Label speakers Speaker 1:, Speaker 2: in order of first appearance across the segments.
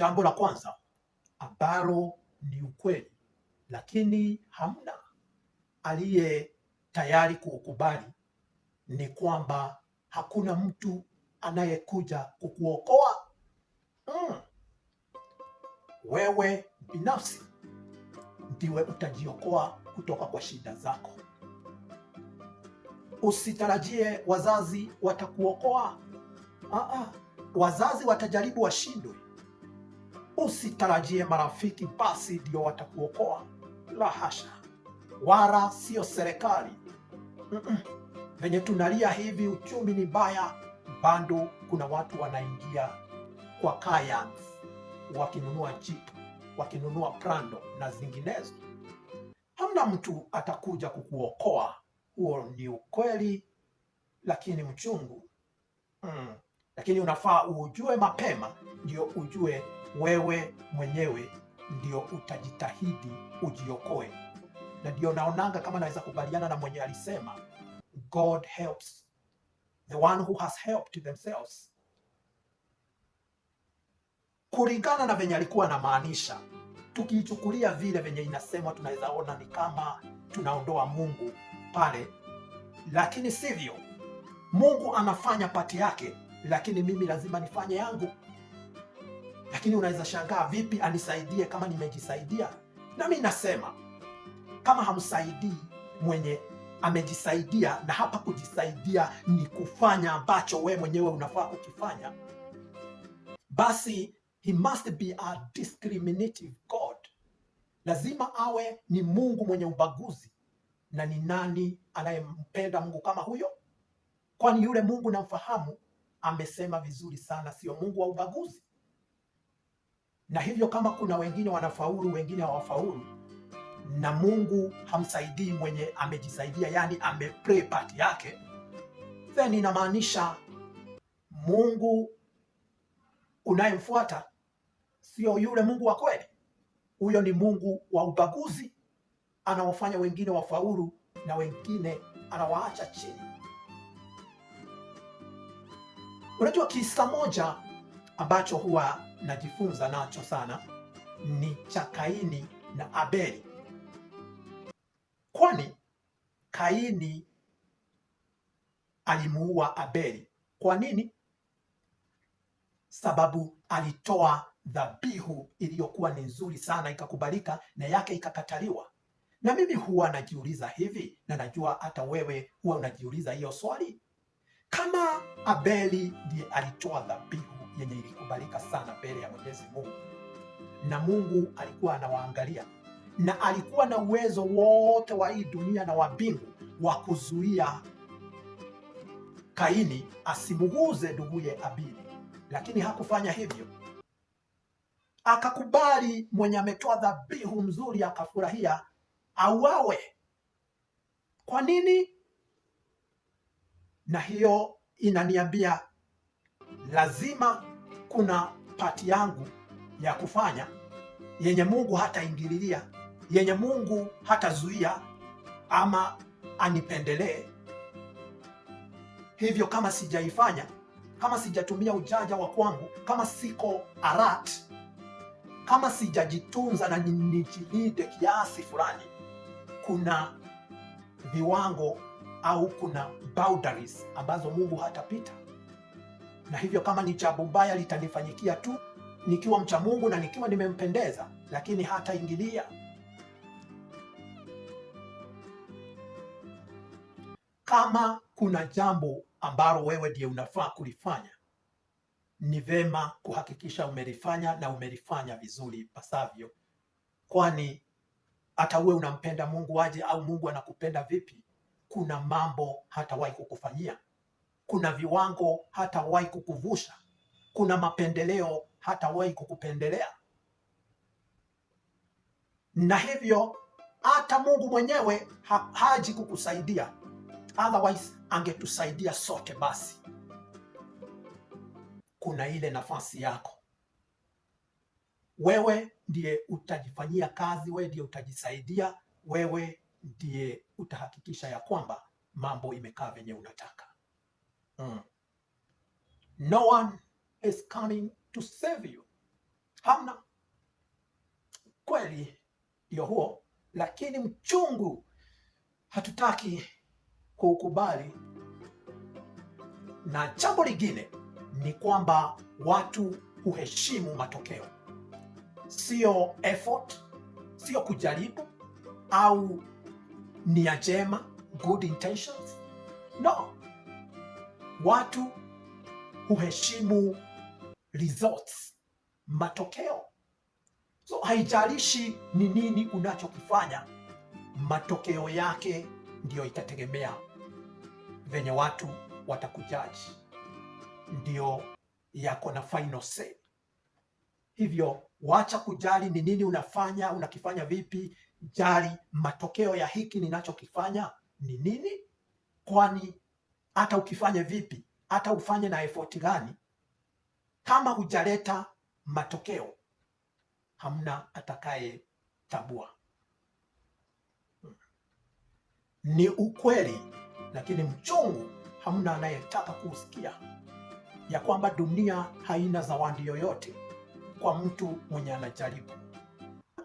Speaker 1: Jambo la kwanza ambalo ni ukweli, lakini hamna aliye tayari kuukubali ni kwamba hakuna mtu anayekuja kukuokoa mm. Wewe binafsi ndiwe utajiokoa kutoka kwa shida zako. Usitarajie wazazi watakuokoa. Aa, ah, ah. wazazi watajaribu washindwe, Usitarajie marafiki basi ndio watakuokoa. La hasha, wala sio serikali. mm -mm. Venye tunalia hivi, uchumi ni mbaya, bado kuna watu wanaingia kwa kaya wakinunua Jeep, wakinunua prando na zinginezo. Hamna mtu atakuja kukuokoa, huo ni ukweli, lakini mchungu mm. Lakini unafaa uujue mapema, ndio ujue wewe mwenyewe ndio utajitahidi ujiokoe. Na ndio naonanga kama naweza kubaliana na mwenye alisema God helps the one who has helped themselves, kulingana na venye alikuwa anamaanisha. Tukiichukulia vile venye inasemwa, tunaweza ona ni kama tunaondoa Mungu pale, lakini sivyo. Mungu anafanya pati yake, lakini mimi lazima nifanye yangu. Lakini unaweza shangaa, vipi anisaidie kama nimejisaidia? Nami nasema kama hamsaidii mwenye amejisaidia, na hapa kujisaidia ni kufanya ambacho we mwenyewe unafaa kukifanya, basi he must be a discriminative God. Lazima awe ni Mungu mwenye ubaguzi. Na ni nani anayempenda Mungu kama huyo? Kwani yule Mungu namfahamu amesema vizuri sana, sio Mungu wa ubaguzi na hivyo kama kuna wengine wanafaulu, wengine hawafaulu, na Mungu hamsaidii mwenye amejisaidia, yani ameplay part yake, then inamaanisha Mungu unayemfuata sio yule Mungu wa kweli. Huyo ni Mungu wa ubaguzi, anawafanya wengine wafaulu na wengine anawaacha chini. Unajua kisa moja ambacho huwa najifunza nacho sana ni cha Kaini na Abeli, kwani Kaini alimuua Abeli. Kwa nini? Sababu alitoa dhabihu iliyokuwa ni nzuri sana ikakubalika, na yake ikakataliwa. Na mimi huwa najiuliza hivi, na najua hata wewe huwa unajiuliza hiyo swali, kama Abeli ndiye alitoa dhabihu yenye ilikubalika sana mbele ya Mwenyezi Mungu, na Mungu alikuwa anawaangalia na alikuwa na uwezo wote wa hii dunia na wa mbingu wa kuzuia Kaini asimuguze nduguye Abili, lakini hakufanya hivyo, akakubali. Mwenye ametoa dhabihu mzuri akafurahia auawe. Kwa nini? Na hiyo inaniambia lazima kuna pati yangu ya kufanya yenye Mungu hataingililia, yenye Mungu hatazuia ama anipendelee. Hivyo kama sijaifanya, kama sijatumia ujanja wa kwangu, kama siko arat kama sijajitunza na nijilinde kiasi fulani, kuna viwango au kuna boundaries ambazo Mungu hatapita na hivyo kama ni jambo baya litanifanyikia tu nikiwa mcha Mungu na nikiwa nimempendeza, lakini hataingilia. Kama kuna jambo ambalo wewe ndiye unafaa kulifanya, ni vema kuhakikisha umelifanya na umelifanya vizuri ipasavyo, kwani hata uwe unampenda Mungu aje au Mungu anakupenda vipi, kuna mambo hatawahi kukufanyia kuna viwango hatawahi kukuvusha, kuna mapendeleo hatawahi kukupendelea, na hivyo hata Mungu mwenyewe ha haji kukusaidia, otherwise angetusaidia sote. Basi kuna ile nafasi yako wewe ndiye utajifanyia kazi, wewe ndiye utajisaidia, wewe ndiye utahakikisha ya kwamba mambo imekaa venye unataka. Mm. No one is coming to save you. Hamna. Kweli ndio huo, lakini mchungu hatutaki kuukubali. Na jambo lingine ni kwamba watu huheshimu matokeo, sio effort, sio kujaribu au nia njema, good intentions, no Watu huheshimu results, matokeo. So haijalishi ni nini unachokifanya, matokeo yake ndiyo itategemea venye watu watakujaji, ndiyo yako na final say. Hivyo wacha kujali ni nini unafanya, unakifanya vipi, jali matokeo ya hiki ninachokifanya ni nini, kwani hata ukifanya vipi, hata ufanye na effort gani, kama hujaleta matokeo hamna atakaye tabua. Ni ukweli lakini mchungu, hamna anayetaka kuusikia ya kwamba dunia haina zawadi yoyote kwa mtu mwenye anajaribu.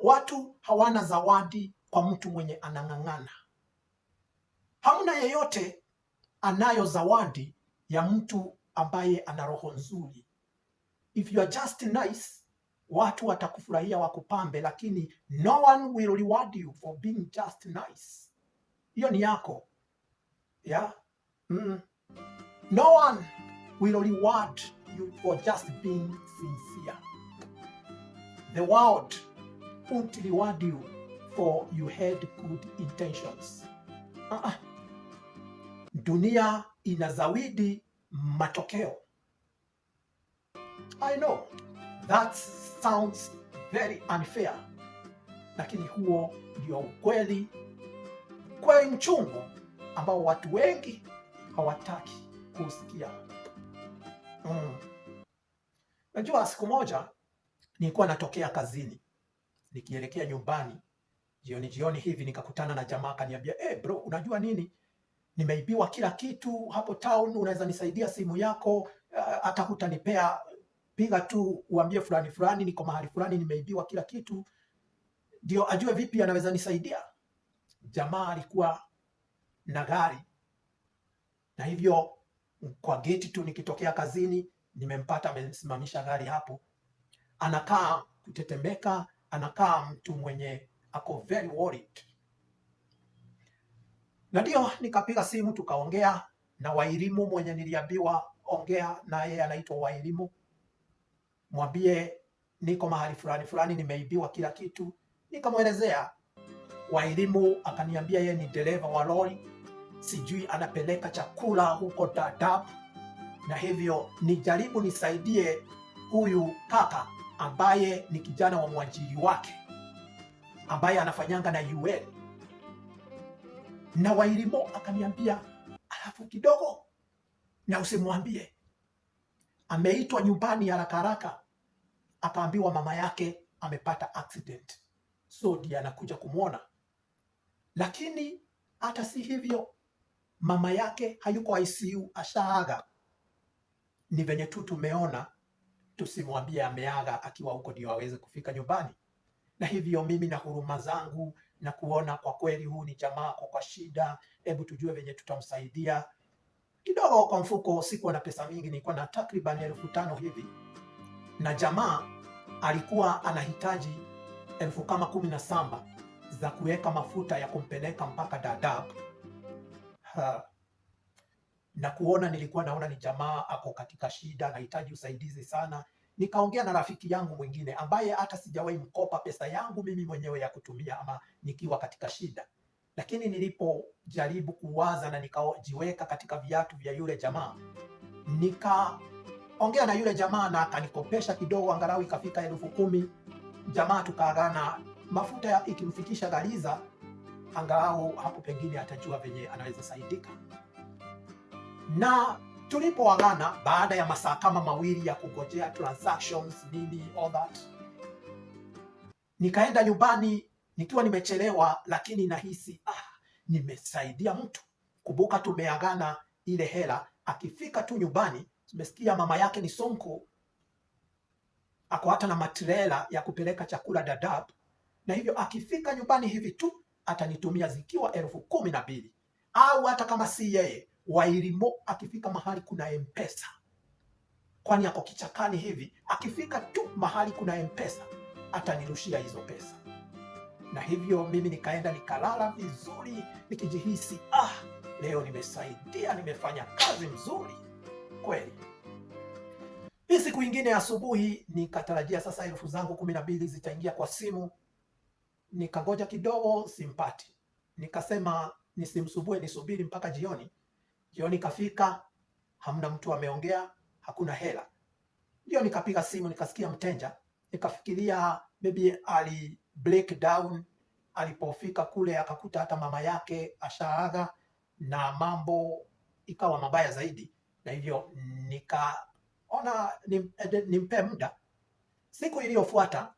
Speaker 1: Watu hawana zawadi kwa mtu mwenye anang'ang'ana. Hamna yeyote anayo zawadi ya mtu ambaye ana roho nzuri. If you are just nice, watu watakufurahia wakupambe, lakini no one will reward you for being just nice. Hiyo ni yako yeah? mm. No one will reward you for just being sincere. The world won't reward you for you had good intentions. uh -uh dunia inazawidi matokeo. I know that sounds very unfair, lakini huo ndio ukweli, ukweli mchungu ambao watu wengi hawataki kusikia. Mm. Najua siku moja nilikuwa natokea kazini nikielekea nyumbani jioni jioni hivi nikakutana na jamaa akaniambia, eh, hey bro, unajua nini nimeibiwa kila kitu hapo town, unaweza nisaidia simu yako eh, hata hutanipea, piga tu uambie fulani fulani, niko mahali fulani, nimeibiwa kila kitu, ndio ajue vipi anaweza nisaidia. Jamaa alikuwa na gari, na hivyo kwa geti tu nikitokea kazini nimempata amemsimamisha gari hapo. Anakaa kutetemeka, anakaa mtu mwenye ako very worried. Na ndio nikapiga simu tukaongea na Wairimu mwenye niliambiwa ongea na yeye anaitwa Wairimu, mwambie niko mahali fulani fulani, nimeibiwa kila kitu. Nikamwelezea Wairimu, akaniambia yeye ni dereva wa lori, sijui anapeleka chakula huko Dadaab, na hivyo nijaribu nisaidie huyu kaka ambaye ni kijana wa mwajiri wake ambaye anafanyanga na UN na Wairimo akaniambia, alafu kidogo na usimwambie ameitwa nyumbani haraka haraka, akaambiwa mama yake amepata accident, so ndiye anakuja kumwona. Lakini hata si hivyo, mama yake hayuko ICU, ashaaga. Ni venye tu tumeona tusimwambie ameaga, akiwa huko ndio aweze kufika nyumbani. Na hivyo mimi na huruma zangu na kuona kwa kweli huu ni jamaa kwa kwa shida, hebu tujue venye tutamsaidia kidogo. Kwa mfuko sikuwa na pesa mingi, nilikuwa na takriban elfu tano hivi, na jamaa alikuwa anahitaji elfu kama kumi na saba za kuweka mafuta ya kumpeleka mpaka Dadaab ha. Na kuona nilikuwa naona ni jamaa ako katika shida, anahitaji usaidizi sana nikaongea na rafiki yangu mwingine ambaye hata sijawahi mkopa pesa yangu mimi mwenyewe ya kutumia ama nikiwa katika shida, lakini nilipojaribu kuwaza na nikajiweka katika viatu vya yule jamaa, nikaongea na yule jamaa na akanikopesha kidogo, angalau ikafika elfu kumi. Jamaa tukaagana, mafuta ikimfikisha Gariza, angalau hapo pengine atajua venye anaweza saidika na Tulipoagana baada ya masaa kama mawili ya kugojea transactions nini all that, nikaenda nyumbani nikiwa nimechelewa, lakini nahisi ah, nimesaidia mtu. Kumbuka tumeagana ile hela, akifika tu nyumbani tumesikia mama yake ni Sonko ako hata na matrela ya kupeleka chakula Dadaab, na hivyo akifika nyumbani hivi tu atanitumia zikiwa elfu kumi na mbili au hata kama si yeye Wairimo akifika mahali kuna mpesa kwani ako kichakani hivi, akifika tu mahali kuna mpesa atanirushia hizo pesa. Na hivyo mimi nikaenda nikalala vizuri nikijihisi ah, leo nimesaidia, nimefanya kazi mzuri kweli. Hii siku ingine asubuhi nikatarajia sasa elfu zangu kumi na mbili zitaingia kwa simu, nikangoja kidogo, simpati. Nikasema nisimsubue, nisubiri mpaka jioni Jioni kafika, hamna mtu ameongea, hakuna hela. Ndio nikapiga simu nikasikia mtenja nikafikiria maybe ali break down alipofika kule akakuta hata mama yake ashaaga na mambo ikawa mabaya zaidi, na hivyo nikaona nimpe muda. Siku iliyofuata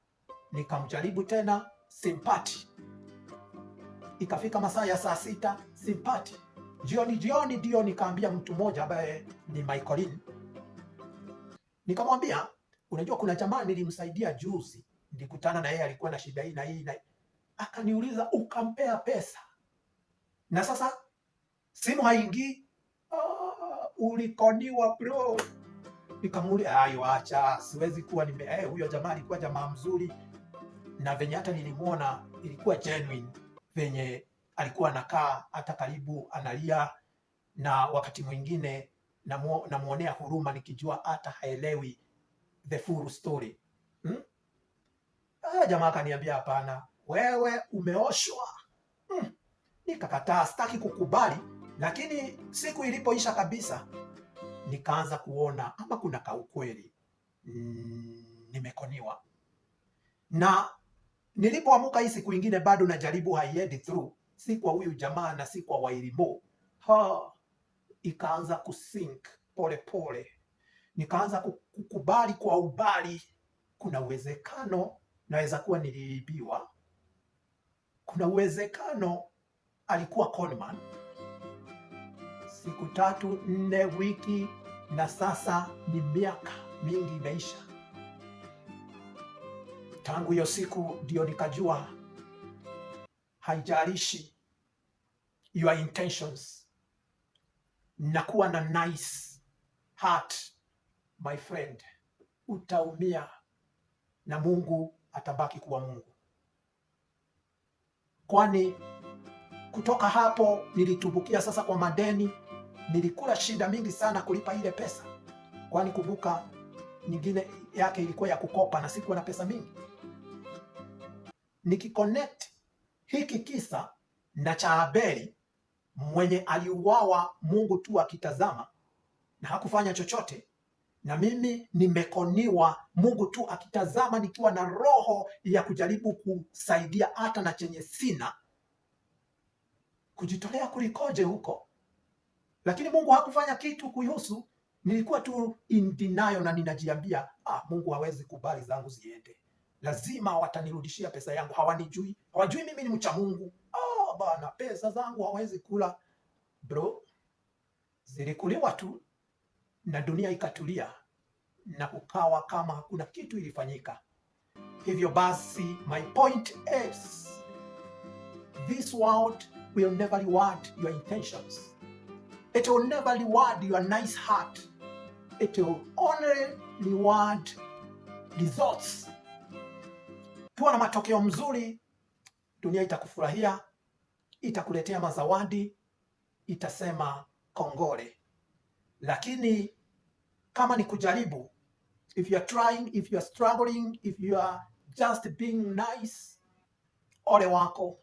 Speaker 1: nikamjaribu tena, simpati. Ikafika masaa ya saa sita, simpati jioni jioni ndio nikaambia mtu mmoja ambaye ni Michaelin, nikamwambia unajua, kuna jamaa nilimsaidia juzi, nilikutana na yeye alikuwa na shida hii na hii na akaniuliza, ukampea pesa na sasa simu haingii. Oh, ah, ulikoniwa bro. Nikamuuliza, ayo acha, siwezi kuwa nime eh, huyo jamaa alikuwa jamaa mzuri na venye hata nilimuona ilikuwa genuine venye alikuwa anakaa hata karibu analia, na wakati mwingine namuonea huruma nikijua hata haelewi the full story hmm? Ah, jamaa akaniambia hapana, wewe umeoshwa hmm. Nikakataa, sitaki kukubali, lakini siku ilipoisha kabisa nikaanza kuona ama kuna kaukweli mm, nimekoniwa na nilipoamuka hii siku ingine bado najaribu haiendi through si kwa huyu jamaa na si kwa Wairibo. Ha, ikaanza kusink polepole, nikaanza kukubali kwa ubali, kuna uwezekano naweza kuwa niliibiwa, kuna uwezekano alikuwa conman. Siku tatu nne, wiki na sasa ni miaka mingi imeisha tangu hiyo siku, ndio nikajua haijalishi your intentions, na kuwa na nice heart my friend, utaumia na Mungu atabaki kuwa Mungu, kwani kutoka hapo nilitumbukia sasa kwa madeni. Nilikula shida mingi sana kulipa ile pesa, kwani kumbuka nyingine yake ilikuwa ya kukopa na sikuwa na pesa mingi. Nikikonekti hiki kisa na cha Abeli mwenye aliuawa Mungu tu akitazama na hakufanya chochote, na mimi nimekoniwa Mungu tu akitazama, nikiwa na roho ya kujaribu kusaidia hata na chenye sina, kujitolea kulikoje huko? Lakini Mungu hakufanya kitu kuihusu. Nilikuwa tu indinayo na ninajiambia ah, Mungu hawezi kubali zangu ziende lazima watanirudishia pesa yangu. Hawanijui, hawajui mimi ni mcha Mungu. Oh, bana, pesa zangu hawezi kula bro, zilikuliwa tu na dunia ikatulia na kukawa kama hakuna kitu ilifanyika. Hivyo basi, my point is this world will never reward your intentions, it will never reward your nice heart, it will only reward results kuwa na matokeo mzuri, dunia itakufurahia, itakuletea mazawadi, itasema kongole. Lakini kama ni kujaribu, if you are trying, if you are struggling, if you are just being nice, ole wako,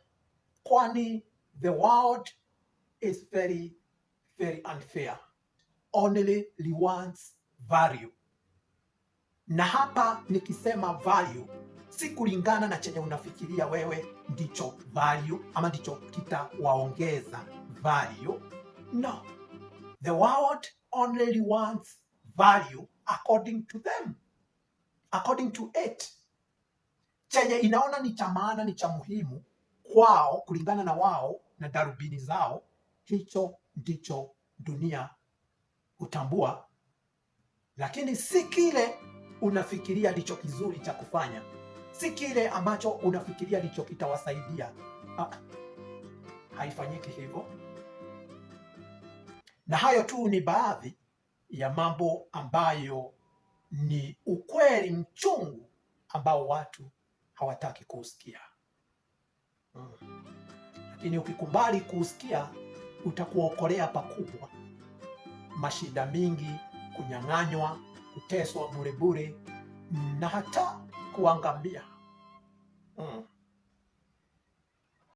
Speaker 1: kwani the world is very very unfair, only rewards value. Na hapa nikisema value si kulingana na chenye unafikiria wewe ndicho value ama ndicho kitawaongeza value. No, the world only wants value according to them, according to it. Chenye inaona ni cha maana, ni cha muhimu kwao, kulingana na wao na darubini zao, hicho ndicho dunia hutambua, lakini si kile unafikiria ndicho kizuri cha kufanya si kile ambacho unafikiria ndicho kitawasaidia. Ah, haifanyiki hivyo. Na hayo tu ni baadhi ya mambo ambayo ni ukweli mchungu ambao watu hawataki kuusikia, hmm. Lakini ukikubali kuusikia utakuokolea pakubwa mashida mingi, kunyang'anywa, kuteswa burebure na hata kuangambia Mm.